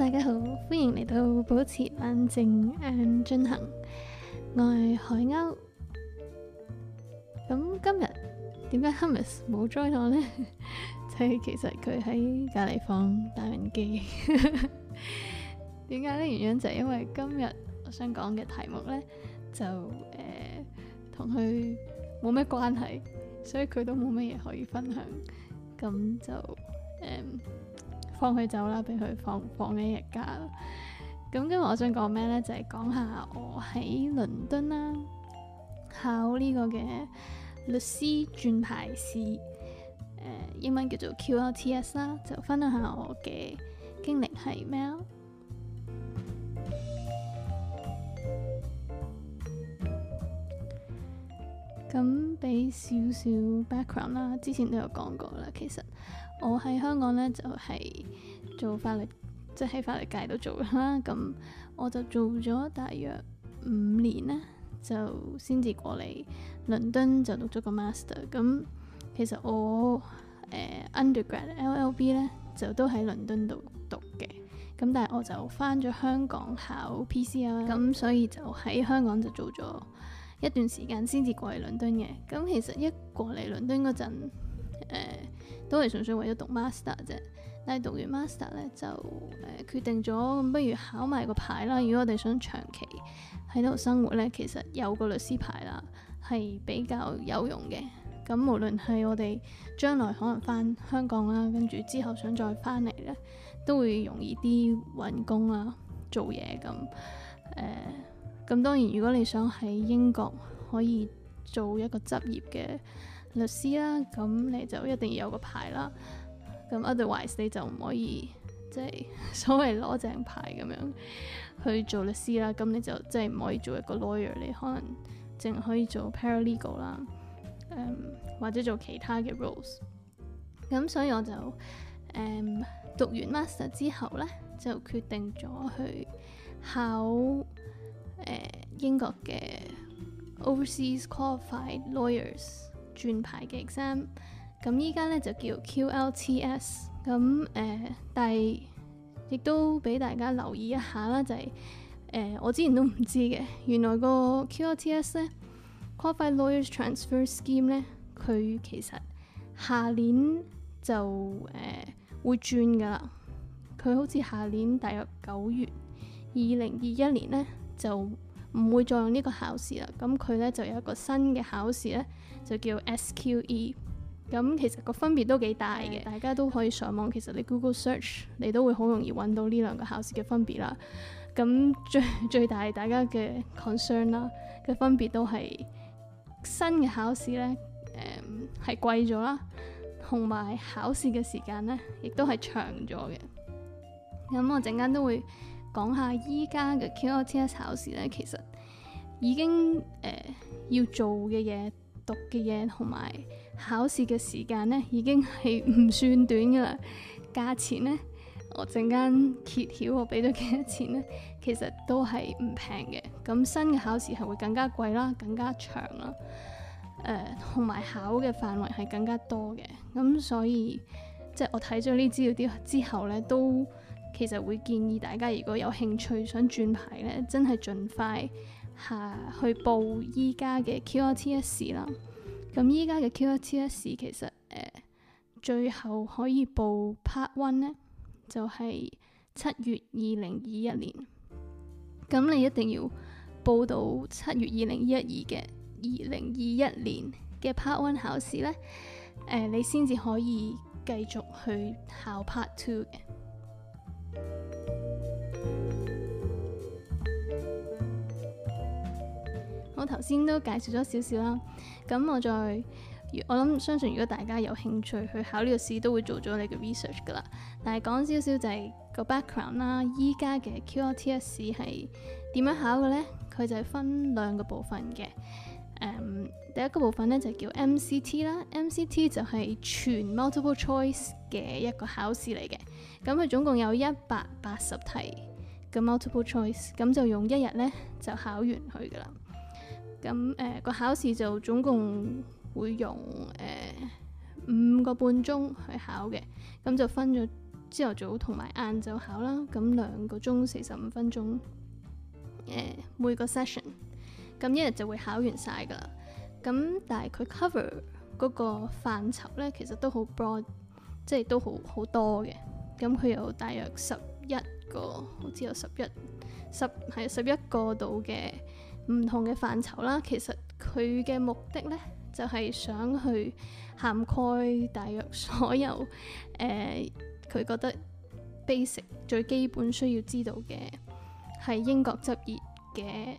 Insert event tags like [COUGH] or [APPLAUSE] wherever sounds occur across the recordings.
大家好，歡迎嚟到保持冷靜。嗯，進行，我係海鷗。咁今日點解 Hermes 冇 join 我呢？ [LAUGHS] 就係其實佢喺隔籬放打人機。點 [LAUGHS] 解呢？原因就係因為今日我想講嘅題目呢，就誒同佢冇咩關係，所以佢都冇乜嘢可以分享。咁就誒。嗯放佢走啦，俾佢放放一日假。咁今日我想講咩呢？就係講下我喺倫敦啦，考呢個嘅律師轉牌試，誒，英文叫做 QLTS 啦，就分享下我嘅經歷係咩啊。咁俾少少 background 啦，之前都有講過啦，其實。我喺香港咧就係、是、做法律，即係喺法律界度做啦。咁我就做咗大約五年咧，就先至過嚟倫敦就讀咗個 master。咁其實我誒、呃、undergrad LLB 咧就都喺倫敦度讀嘅。咁但係我就返咗香港考 PCLL，咁、啊嗯、所以就喺香港就做咗一段時間，先至過嚟倫敦嘅。咁其實一過嚟倫敦嗰陣都係純粹為咗讀 master 啫，但係讀完 master 咧就誒、呃、決定咗，咁不如考埋個牌啦。如果我哋想長期喺度生活咧，其實有個律師牌啦，係比較有用嘅。咁無論係我哋將來可能翻香港啦，跟住之後想再翻嚟咧，都會容易啲揾工啦、做嘢咁。誒，咁、呃、當然如果你想喺英國可以做一個執業嘅律師啦，咁你就一定要有個牌啦。咁 otherwise 你就唔可以，即係所謂攞正牌咁樣去做律師啦。咁你就即係唔可以做一個 lawyer，你可能淨可以做 paralegal 啦、嗯，或者做其他嘅 roles。咁所以我就誒、嗯、讀完 master 之後呢，就決定咗去考、呃、英國嘅 Overseas Qualified Lawyers。轉牌嘅 exam，咁依家咧就叫 QLTS，咁誒、呃，但係亦都俾大家留意一下啦，就係、是、誒、呃、我之前都唔知嘅，原來個 QLTS 咧，Qualified Lawyers Transfer Scheme 咧，佢其實下年就誒、呃、會轉噶啦，佢好似下年大約九月二零二一年咧就，唔會再用呢個考試啦，咁佢呢就有一個新嘅考試呢，就叫 SQE。咁其實個分別都幾大嘅，大家都可以上網。其實你 Google search 你都會好容易揾到呢兩個考試嘅分別啦。咁最最大大家嘅 concern 啦，嘅分別都係新嘅考試呢，誒係貴咗啦，同埋考試嘅時間呢亦都係長咗嘅。咁我陣間都會。講下依家嘅 QLTS 考試咧，其實已經誒、呃、要做嘅嘢、讀嘅嘢同埋考試嘅時間咧，已經係唔算短嘅啦。價錢咧，我陣間揭曉我俾咗幾多錢咧，其實都係唔平嘅。咁新嘅考試係會更加貴啦，更加長啦，誒同埋考嘅範圍係更加多嘅。咁所以即係我睇咗呢資料啲之後咧，都。其實會建議大家如果有興趣想轉牌咧，真係盡快下去報依家嘅 QLTS 啦。咁依家嘅 QLTS 其實誒、呃、最後可以報 Part One 咧，就係、是、七月二零二一年。咁你一定要報到七月二零一二嘅二零二一年嘅 Part One 考試咧，誒、呃、你先至可以繼續去考 Part Two 嘅。我頭先都介紹咗少少啦，咁我再，我諗相信如果大家有興趣去考呢個試，都會做咗你嘅 research 噶啦。但係講少少就係個 background 啦，依家嘅 QLTS 係點樣考嘅呢？佢就係分兩個部分嘅。誒，um, 第一個部分咧就叫 MCT 啦，MCT 就係全 multiple choice 嘅一個考試嚟嘅，咁佢總共有一百八十題嘅 multiple choice，咁就用一日咧就考完佢噶啦，咁誒個考試就總共會用誒、呃、五個半鐘去考嘅，咁就分咗朝頭早同埋晏晝考啦，咁兩個鐘四十五分鐘，誒、呃、每個 session。咁一日就會考完晒噶啦，咁但係佢 cover 嗰個範疇呢，其實都好 broad，即係都好好多嘅。咁佢有大約十一個，好似有十一十係十一個度嘅唔同嘅範疇啦。其實佢嘅目的呢，就係、是、想去涵蓋大約所有誒，佢、呃、覺得 basic 最基本需要知道嘅係英國執業嘅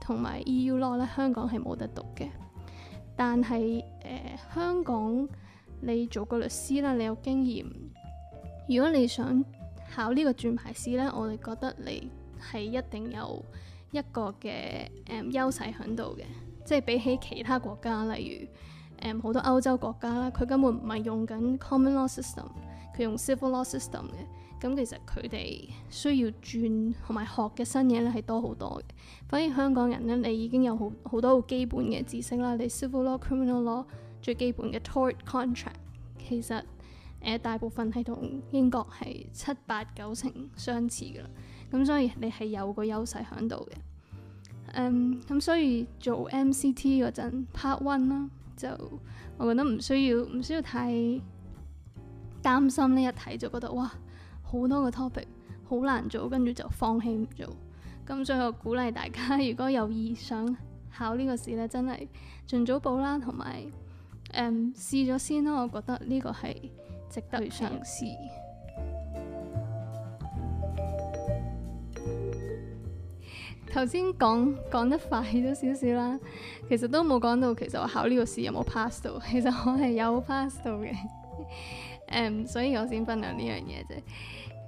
同埋 EU law 咧、呃，香港係冇得讀嘅。但係誒香港你做過律師啦，你有經驗。如果你想考呢個轉牌試咧，我哋覺得你係一定有一個嘅誒優勢響度嘅，即係比起其他國家，例如誒好、呃、多歐洲國家啦，佢根本唔係用緊 common law system，佢用 civil law system 嘅。咁其實佢哋需要轉同埋學嘅新嘢咧係多好多嘅，反而香港人咧，你已經有好好多好基本嘅知識啦，你 Civil Law、Criminal Law 最基本嘅 Tort Contract 其實誒、呃、大部分係同英國係七八九成相似噶啦，咁所以你係有個優勢喺度嘅。嗯，咁所以做 MCT 嗰陣 Part One 啦，就我覺得唔需要唔需要太擔心，呢一睇就覺得哇！好多個 topic 好難做，跟住就放棄唔做。咁所以我鼓勵大家，如果有意想考呢個試呢，真係盡早報啦，同埋誒試咗先咯。我覺得呢個係值得去嘗試。頭先講講得快咗少少啦，其實都冇講到，其實我考呢個試有冇 pass 到。其實我係有 pass 到嘅。 [LAUGHS] 誒，um, 所以我先分享呢樣嘢啫。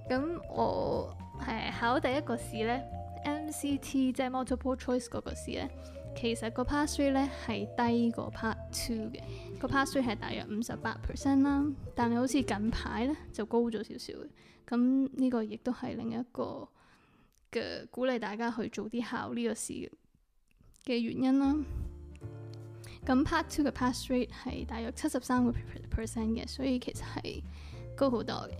咁我係考第一個試呢 m c t 即係 multiple choice 嗰個試咧，其實個 p a s t three 咧係低過 part two 嘅，個 p a s t three 係大約五十八 percent 啦。但係好似近排呢就高咗少少嘅。咁呢個亦都係另一個嘅鼓勵大家去做啲考呢個試嘅原因啦。咁 part two 嘅 pass rate 係大約七十三個 percent 嘅，所以其實係高好多嘅。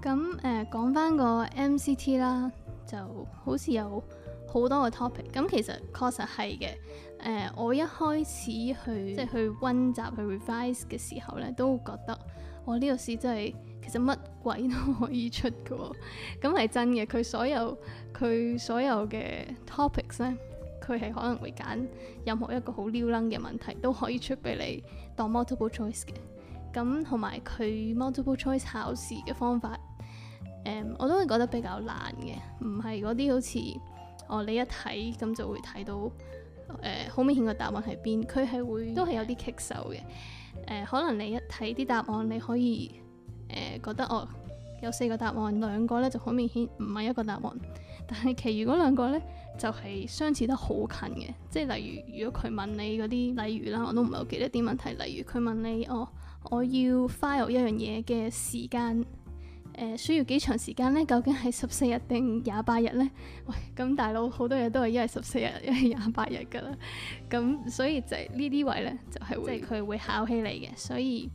咁誒講翻個 MCT 啦，就好似有好多個 topic。咁其實確實係嘅。誒、呃、我一開始去即係、就是、去溫習去 revise 嘅時候咧，都覺得我呢個試真係其實乜鬼都可以出嘅、哦。咁係真嘅，佢所有佢所有嘅 topics 咧。佢係可能會揀任何一個好撩楞嘅問題都可以出俾你當 multiple choice 嘅，咁同埋佢 multiple choice 考試嘅方法，誒、嗯、我都會覺得比較難嘅，唔係嗰啲好似哦你一睇咁就會睇到誒好、呃、明顯嘅答案喺邊，佢係會都係有啲棘手嘅，誒、呃、可能你一睇啲答案你可以誒、呃、覺得哦有四個答案兩個咧就好明顯唔係一個答案，但係其餘嗰兩個咧，就係相似得好近嘅，即係例如，如果佢問你嗰啲，例如啦，我都唔係好記得啲問題。例如佢問你，我、哦、我要 file 一樣嘢嘅時間，誒、呃、需要幾長時間呢？究竟係十四日定廿八日呢？」喂，咁大佬好多嘢都係一係十四日，一係廿八日噶啦。咁 [LAUGHS] 所以就係呢啲位呢，就係、是、即佢會考起你嘅。所以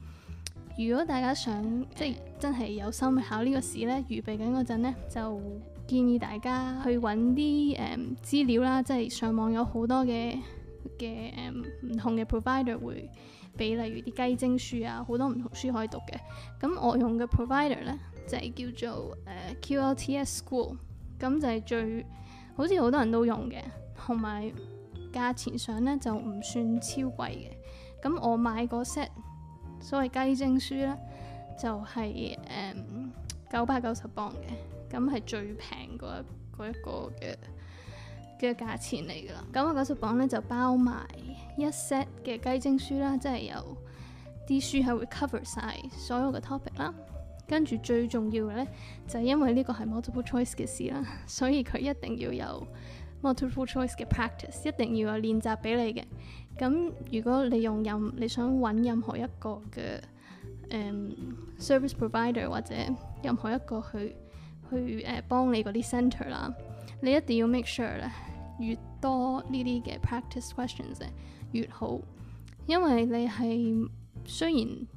如果大家想即係、呃、真係有心去考呢個試呢，預備緊嗰陣咧就。建議大家去揾啲誒資料啦，即係上網有好多嘅嘅唔同嘅 provider 會俾，例如啲雞精書啊，好多唔同書可以讀嘅。咁我用嘅 provider 咧就係叫做誒 QLTS School，咁就係最好似好多人都用嘅，同埋價錢上咧就唔算超貴嘅。咁我買嗰 set 所謂雞精書咧就係誒九百九十磅嘅。咁係最平嗰一一個嘅嘅價錢嚟㗎啦。咁我嗰九十磅咧就包埋一 set 嘅雞精書啦，即係有啲書係會 cover 晒所有嘅 topic 啦。跟住最重要嘅咧，就係、是、因為呢個係 multiple choice 嘅事啦，所以佢一定要有 multiple choice 嘅 practice，一定要有練習俾你嘅。咁如果你用任你想揾任何一個嘅、um, service provider 或者任何一個去。去誒、呃、幫你嗰啲 centre 啦，你一定要 make sure 咧，越多呢啲嘅 practice questions 咧越好，因為你係雖然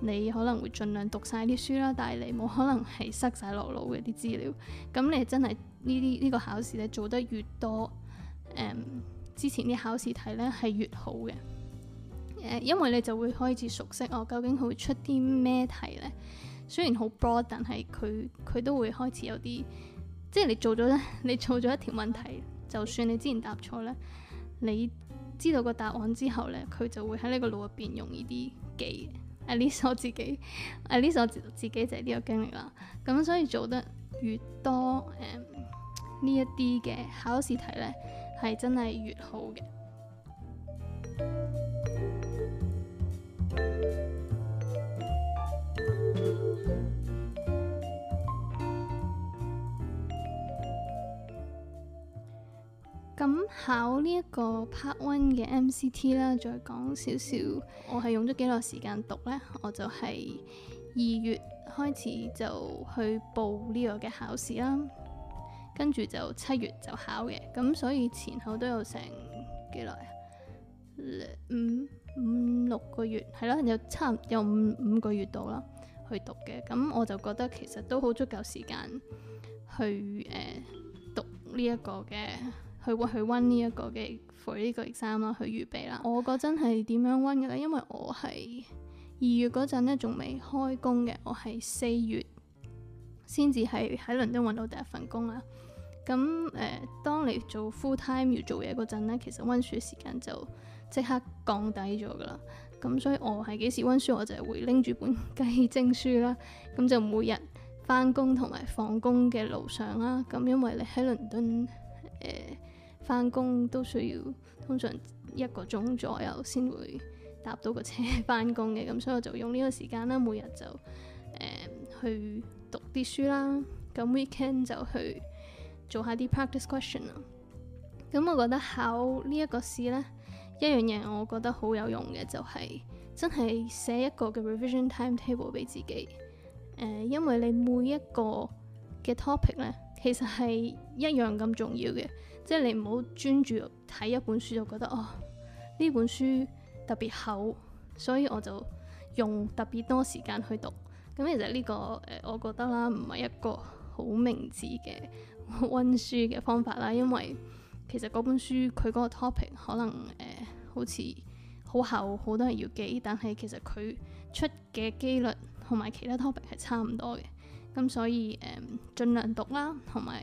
你可能會盡量讀晒啲書啦，但係你冇可能係塞晒落腦嘅啲資料，咁你真係呢啲呢個考試咧做得越多，誒、嗯、之前啲考試題咧係越好嘅，誒、呃、因為你就會開始熟悉我究竟佢會出啲咩題咧？雖然好 broad，但係佢佢都會開始有啲，即係你做咗咧，你做咗一條問題，就算你之前答錯咧，你知道個答案之後咧，佢就會喺呢個腦入邊容易啲記。At least 我自己，at least 我自自己就係呢個經歷啦。咁所以做得越多，誒、um, 呢一啲嘅考試題咧，係真係越好嘅。咁考呢一個 part one 嘅 MCT 啦，再講少少，我係用咗幾耐時間讀呢？我就係二月開始就去報呢個嘅考試啦，跟住就七月就考嘅，咁所以前後都有成幾耐啊？五五六個月，係咯，有差唔多有五五個月到啦，去讀嘅，咁我就覺得其實都好足夠時間去誒、呃、讀呢一個嘅。去溫去溫呢一個嘅 full degree exam 啦，去預、這個、備啦。我嗰陣係點樣溫嘅咧？因為我係二月嗰陣咧，仲未開工嘅。我係四月先至係喺倫敦揾到第一份工啊。咁誒、呃，當你做 full time 要做嘢嗰陣咧，其實溫書嘅時間就即刻降低咗噶啦。咁所以我係幾時溫書，我就係會拎住本雞精書啦。咁就每日返工同埋放工嘅路上啦。咁因為你喺倫敦誒、呃翻工都需要通常一個鐘左右先會搭到個車翻工嘅，咁所以我就用呢個時間啦，每日就誒、呃、去讀啲書啦。咁 weekend 就去做下啲 practice question 啦。咁我覺得考呢一個試呢，一樣嘢我覺得好有用嘅，就係、是、真係寫一個嘅 revision timetable 俾自己、呃。因為你每一個嘅 topic 咧，其實係一樣咁重要嘅。即係你唔好專注睇一本書就覺得哦，呢本書特別厚，所以我就用特別多時間去讀。咁其實呢、這個誒、呃，我覺得啦，唔係一個好明智嘅温書嘅方法啦，因為其實嗰本書佢嗰個 topic 可能誒、呃、好似好厚，好多人要記，但係其實佢出嘅機率同埋其他 topic 係差唔多嘅。咁所以誒，儘、呃、量讀啦，同埋。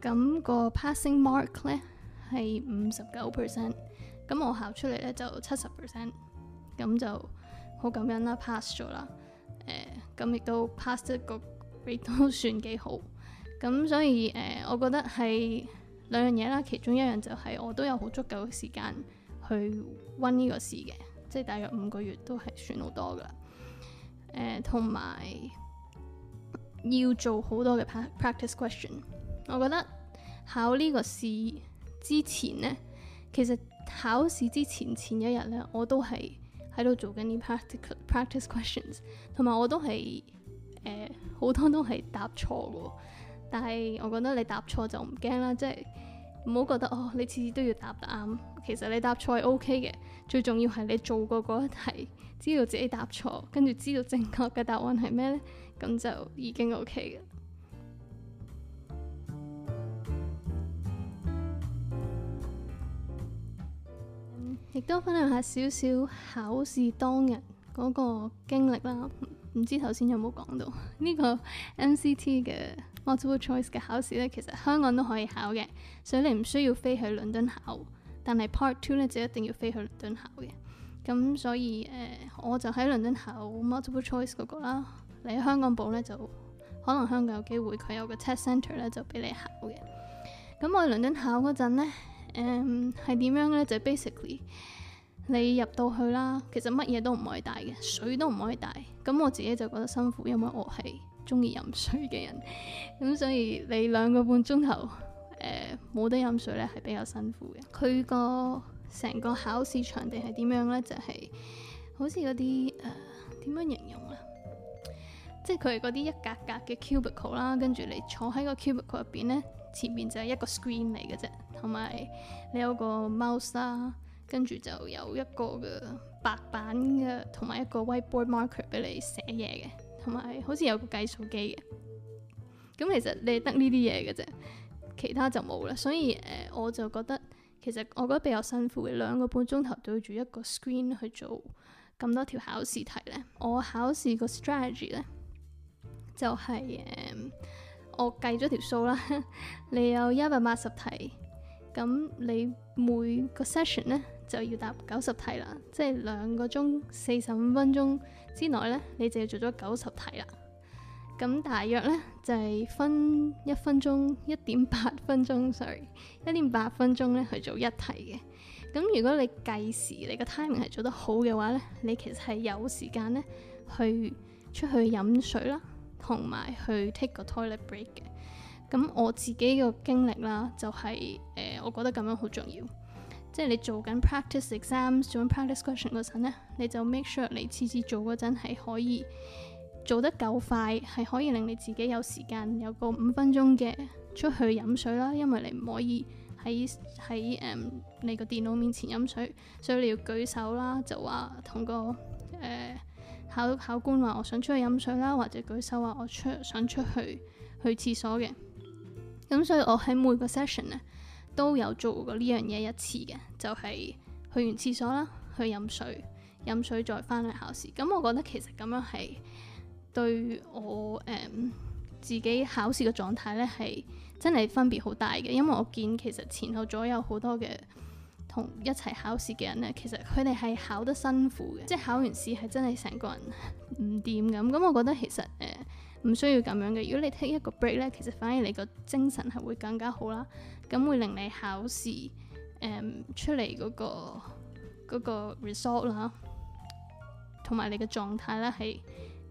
咁個 passing mark 咧係五十九 percent，咁我考出嚟咧就七十 percent，咁就好感恩啦 pass 咗啦，誒咁亦都 pass 咗個 rate 都算幾好，咁所以誒、呃、我覺得係兩樣嘢啦，其中一樣就係我都有好足夠嘅時間去温呢個試嘅，即係大約五個月都係算好多噶啦，誒同埋要做好多嘅 practice question。我覺得考呢個試之前呢，其實考試之前前一日呢，我都係喺度做緊啲 practice practice questions，同埋我都係呃、好多都係答錯嘅。但係我覺得你答錯就唔驚啦，即係唔好覺得哦你次次都要答答啱，其實你答錯係 O K 嘅。最重要係你做過嗰一題，知道自己答錯，跟住知道正確嘅答案係咩呢，咁就已經 O K 嘅。亦都分享下少少考試當日嗰個經歷啦，唔知頭先有冇講到呢個 MCT 嘅 multiple choice 嘅考試呢？其實香港都可以考嘅，所以你唔需要飛去倫敦考，但係 part two 呢就一定要飛去倫敦考嘅。咁所以誒、呃，我就喺倫敦考 multiple choice 嗰個啦，你喺香港報呢，就可能香港有機會佢有個 test centre 咧就俾你考嘅。咁我去倫敦考嗰陣咧。誒，係點、um，樣呢？就係、basically 你入到去啦，其實乜嘢都唔可以帶嘅，水都唔可以帶。咁我自己就覺得辛苦，因為我係中意飲水嘅人。咁 [LAUGHS] 所以你兩個半鐘頭冇得飲水呢，係比較辛苦嘅。佢個成個考試場地係點樣呢？就係、係、好似嗰啲誒、點、呃、樣形容啊？即係佢係嗰啲一格格嘅 cubicle 啦，跟住你坐喺個 cubicle 入邊呢，前面就係一個 screen 嚟嘅啫，同埋你有個 mouse 啦，跟住就有一個嘅白板嘅，同埋一個 whiteboard marker 俾你寫嘢嘅，同埋好似有個計數機嘅。咁其實你得呢啲嘢嘅啫，其他就冇啦。所以誒、呃，我就覺得其實我覺得比較辛苦嘅，兩個半鐘頭對住一個 screen 去做咁多條考試題咧。我考試個 strategy 咧就係、是、誒。呃我計咗條數啦，你有一百八十題，咁你每個 session 咧就要答九十題啦，即係兩個鐘四十五分鐘之內咧，你就要做咗九十題啦。咁大約咧就係分一分鐘一點八分鐘，sorry，一點八分鐘咧去做一題嘅。咁如果你計時，你個 timing 係做得好嘅話咧，你其實係有時間咧去出去飲水啦。同埋去 take 個 toilet break 嘅，咁我自己嘅經歷啦，就係、是、誒、呃，我覺得咁樣好重要，即係你做緊 practice exams，做緊 practice question 嗰陣咧，你就 make sure 你次次做嗰陣係可以做得夠快，係可以令你自己有時間有個五分鐘嘅出去飲水啦，因為你唔可以喺喺誒你個電腦面前飲水，所以你要舉手啦，就話同個誒。呃考考官話：我想出去飲水啦，或者舉手話我出想出去去廁所嘅。咁所以我喺每個 session 咧都有做過呢樣嘢一次嘅，就係去完廁所啦，去飲水，飲水再翻嚟考試。咁我覺得其實咁樣係對我誒、嗯、自己考試嘅狀態咧係真係分別好大嘅，因為我見其實前後左右好多嘅。同一齊考試嘅人呢，其實佢哋係考得辛苦嘅，即係考完試係真係成個人唔掂咁。咁我覺得其實誒唔、呃、需要咁樣嘅。如果你 take 一個 break 呢，其實反而你個精神係會更加好啦，咁會令你考試、呃、出嚟嗰個嗰個 result 啦，同埋你嘅狀態呢，係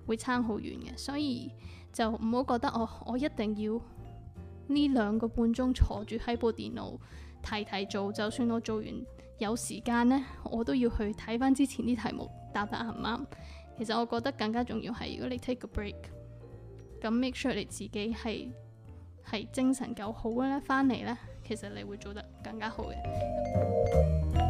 會差好遠嘅。所以就唔好覺得我我一定要呢兩個半鐘坐住喺部電腦。提提做，就算我做完有時間呢，我都要去睇翻之前啲題目答得啱唔啱。其實我覺得更加重要係，如果你 take a break，咁 make sure 你自己係係精神夠好咧，翻嚟呢，其實你會做得更加好嘅。